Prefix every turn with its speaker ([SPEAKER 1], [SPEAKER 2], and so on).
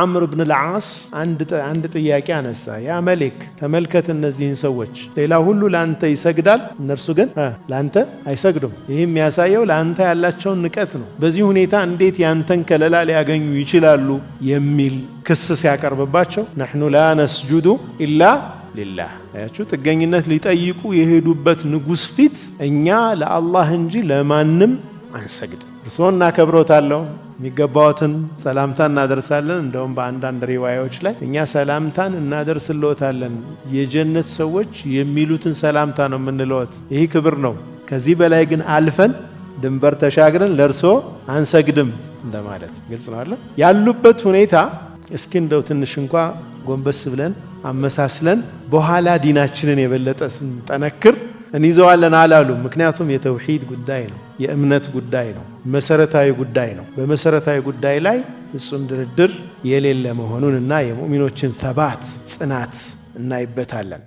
[SPEAKER 1] አምር ብን ልዓስ አንድ ጥያቄ አነሳ። ያ መሊክ ተመልከት እነዚህን ሰዎች፣ ሌላ ሁሉ ለአንተ ይሰግዳል፣ እነርሱ ግን ለአንተ አይሰግዱም። ይህ የሚያሳየው ለአንተ ያላቸውን ንቀት ነው። በዚህ ሁኔታ እንዴት ያንተን ከለላ ሊያገኙ ይችላሉ የሚል ክስ ሲያቀርብባቸው ነሕኑ ላ ነስጁዱ ኢላ ሊላህ አያችሁ፣ ጥገኝነት ሊጠይቁ የሄዱበት ንጉሥ ፊት እኛ ለአላህ እንጂ ለማንም አንሰግድ። እርስዎን እናከብሮታለን፣ የሚገባዎትን ሰላምታ እናደርሳለን። እንደውም በአንዳንድ ሪዋያዎች ላይ እኛ ሰላምታን እናደርስልዎታለን፣ የጀነት ሰዎች የሚሉትን ሰላምታ ነው የምንለዎት። ይህ ክብር ነው። ከዚህ በላይ ግን አልፈን ድንበር ተሻግረን ለእርስዎ አንሰግድም እንደማለት ግልጽ ነው አለ ያሉበት ሁኔታ እስኪ እንደው ትንሽ እንኳ ጎንበስ ብለን አመሳስለን በኋላ ዲናችንን የበለጠ ስንጠነክር እንይዘዋለን አላሉ። ምክንያቱም የተውሂድ ጉዳይ ነው። የእምነት ጉዳይ ነው። መሰረታዊ ጉዳይ ነው። በመሰረታዊ ጉዳይ ላይ ፍጹም ድርድር የሌለ መሆኑን እና የሙእሚኖችን ሰባት ጽናት እናይበታለን።